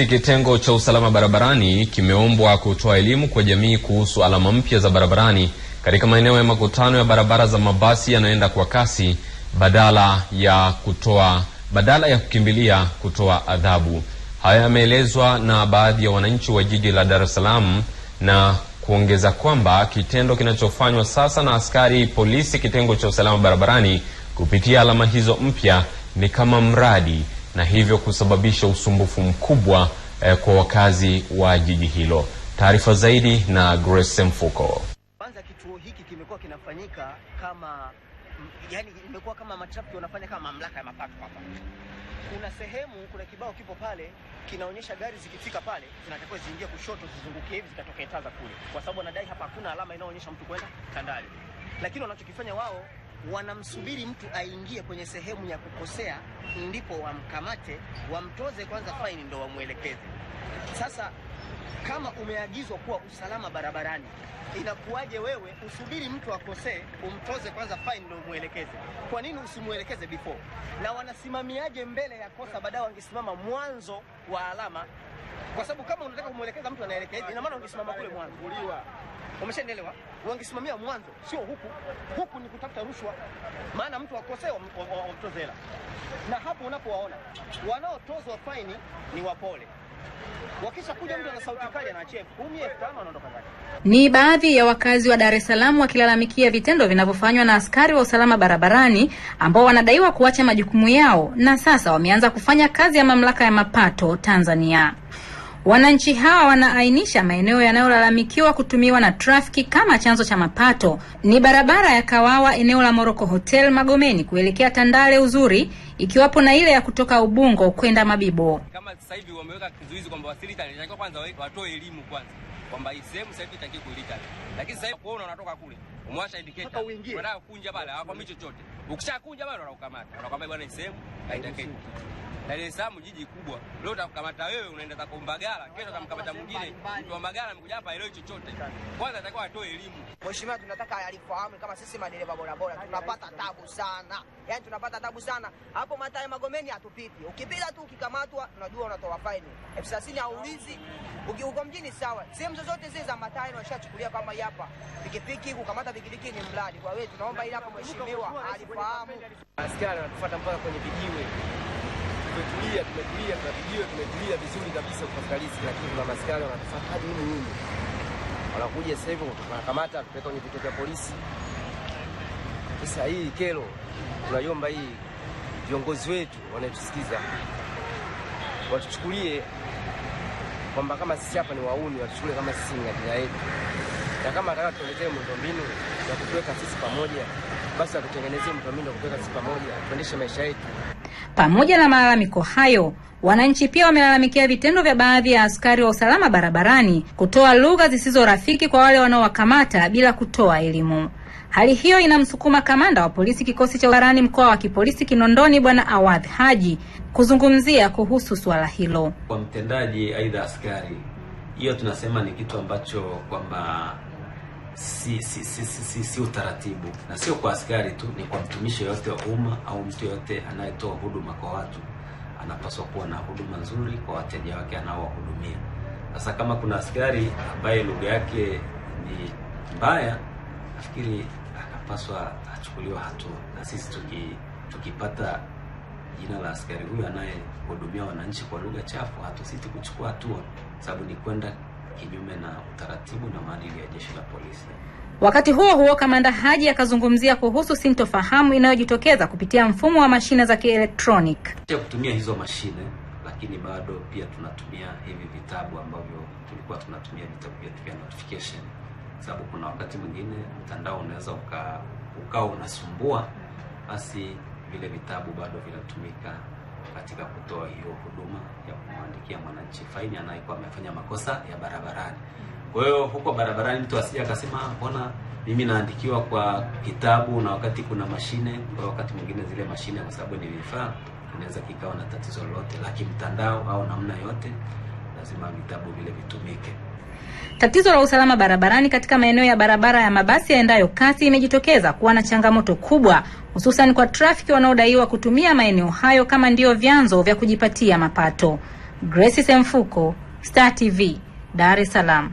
Polisi kitengo cha usalama barabarani kimeombwa kutoa elimu kwa jamii kuhusu alama mpya za barabarani katika maeneo ya makutano ya barabara za mabasi yanayoenda kwa kasi badala ya kutoa badala ya kukimbilia kutoa adhabu. Haya yameelezwa na baadhi ya wananchi wa jiji la Dar es Salaam na kuongeza kwamba kitendo kinachofanywa sasa na askari polisi kitengo cha usalama barabarani kupitia alama hizo mpya ni kama mradi na hivyo kusababisha usumbufu mkubwa eh, kwa wakazi wa jiji hilo. Taarifa zaidi na Grace Mfuko. Kwanza kituo hiki kimekuwa kinafanyika kama yani, imekuwa kama matrafiki wanafanya kama mamlaka ya mapato hapa. Kuna sehemu, kuna kibao kipo pale kinaonyesha gari zikifika pale zinatakiwa ziingie kushoto, zizunguke hivi, zikatokea Taza kule, kwa sababu wanadai hapa hakuna alama inayoonyesha mtu kwenda Tandale, lakini wanachokifanya wao wanamsubiri mtu aingie kwenye sehemu ya kukosea, ndipo wamkamate, wamtoze kwanza faini, ndo wamwelekeze. Sasa kama umeagizwa kuwa usalama barabarani, inakuwaje wewe usubiri mtu akosee umtoze kwanza faini ndo umwelekeze? Kwa nini usimwelekeze before? Na wanasimamiaje mbele ya kosa, baadaye wangesimama mwanzo wa alama, kwa sababu kama unataka kumwelekeza mtu anaelekea hivi, ina maana ungesimama kule mwanzo. Umeshanielewa? Wangesimamia mwanzo, sio huku. Huku ni kutafuta rushwa, maana mtu akosea wamtoze hela. Na hapo unapowaona wanaotozwa faini ni wapole. Wakisha kuja mtu ana sauti kali anaachia elfu kumi, elfu tano anaondoka Ni baadhi ya wakazi wa Dar es Salaam wakilalamikia vitendo vinavyofanywa na askari wa usalama barabarani ambao wanadaiwa kuacha majukumu yao na sasa wameanza kufanya kazi ya mamlaka ya mapato Tanzania. Wananchi hawa wanaainisha maeneo yanayolalamikiwa kutumiwa na trafiki kama chanzo cha mapato ni barabara ya Kawawa eneo la Moroko Hotel Magomeni kuelekea Tandale Uzuri, ikiwapo na ile ya kutoka Ubungo kwenda Mabibo. Kama sasa hivi wameweka kizuizi kwamba inatakiwa kwanza watoe elimu kwanza kwamba sehemu sasa hivi itaki lakini sasa hivi unatoka kule indicator unataka kunja hawakwambii chochote, ukishakunja wanakukamata wanakwambia bwana sehemu haitaki Dar es Salaam jiji kubwa. Leo utakamata wewe unaenda zako Mbagala, kesho utamkamata mwingine. Mtu wa Mbagala amekuja hapa elewi chochote. Kwanza atakuwa atoe elimu. Mheshimiwa, tunataka alifahamu kama sisi madereva bora bora tunapata tabu sana. Yaani tunapata tabu sana. Hapo mataa ya Magomeni hatupiti. Ukipita tu ukikamatwa unajua unatoa faini. Elfu thelathini haulizi. Ukiuko mjini sawa. Sehemu zozote zile za mataa washachukulia kama hapa. Pikipiki kukamata pikipiki ni mradi. Kwa wewe tunaomba ila hapo mheshimiwa alifahamu. Askari anatufuata mpaka kwenye vijiwe tumetulia, tumetulia, tunapigiwa, tumetulia vizuri kabisa kwa riziki, lakini kuna maskari wanatufanya ah, hadi nini nini, wanakuja sasa hivi wanakamata tupeleka kwenye vituo vya polisi. Sasa hii kero tunaiomba hii viongozi wetu wanatusikiza, watuchukulie kwamba kama sisi hapa ni wauni, watuchukulie kama sisi ni ajira yetu, na kama nataka tutengenezee miundombinu ya kutuweka sisi pamoja, basi watutengenezee miundombinu ya kutuweka sisi pamoja, tuendeshe maisha yetu. Pamoja na malalamiko hayo, wananchi pia wamelalamikia vitendo vya baadhi ya askari wa usalama barabarani kutoa lugha zisizo rafiki kwa wale wanaowakamata bila kutoa elimu. Hali hiyo inamsukuma kamanda wa polisi kikosi cha Ubarani mkoa wa kipolisi Kinondoni, Bwana Awadh Haji kuzungumzia kuhusu suala hilo. Kwa mtendaji aidha askari, hiyo tunasema ni kitu ambacho kwamba si si si, si, si, si utaratibu, na sio kwa askari tu, ni kwa mtumishi yoyote wa umma au mtu yoyote anayetoa huduma kwa watu, anapaswa kuwa na huduma nzuri kwa wateja wake anaowahudumia. Sasa kama kuna askari ambaye lugha yake ni mbaya, nafikiri anapaswa achukuliwa hatua, na sisi tuki, tukipata jina la askari huyu anayehudumia wananchi kwa lugha chafu, hatusiti kuchukua hatua, sababu ni kwenda kinyume na utaratibu na maadili ya jeshi la polisi. Wakati huo huo, kamanda Haji akazungumzia kuhusu sintofahamu inayojitokeza kupitia mfumo wa mashine za kielektronic ya kutumia hizo mashine, lakini bado pia tunatumia hivi vitabu ambavyo tulikuwa tunatumia vitabu vyetu vya notification, sababu kuna wakati mwingine mtandao unaweza ukawa unasumbua, basi vile vitabu bado vinatumika katika kutoa hiyo huduma ya kumwandikia mwananchi faini anayekuwa amefanya makosa ya barabarani. Mm. Kwa hiyo huko barabarani mtu asija akasema ah, mbona mimi naandikiwa kwa kitabu na wakati kuna mashine, kwa wakati mwingine zile mashine kwa sababu ni vifaa inaweza kikawa na tatizo lolote la kimtandao au namna yote, lazima vitabu vile vitumike. Tatizo la usalama barabarani katika maeneo ya barabara ya mabasi yaendayo kasi imejitokeza kuwa na changamoto kubwa, hususan kwa trafiki wanaodaiwa kutumia maeneo hayo kama ndiyo vyanzo vya kujipatia mapato. Grace Semfuko, Star TV, Dar es Salaam.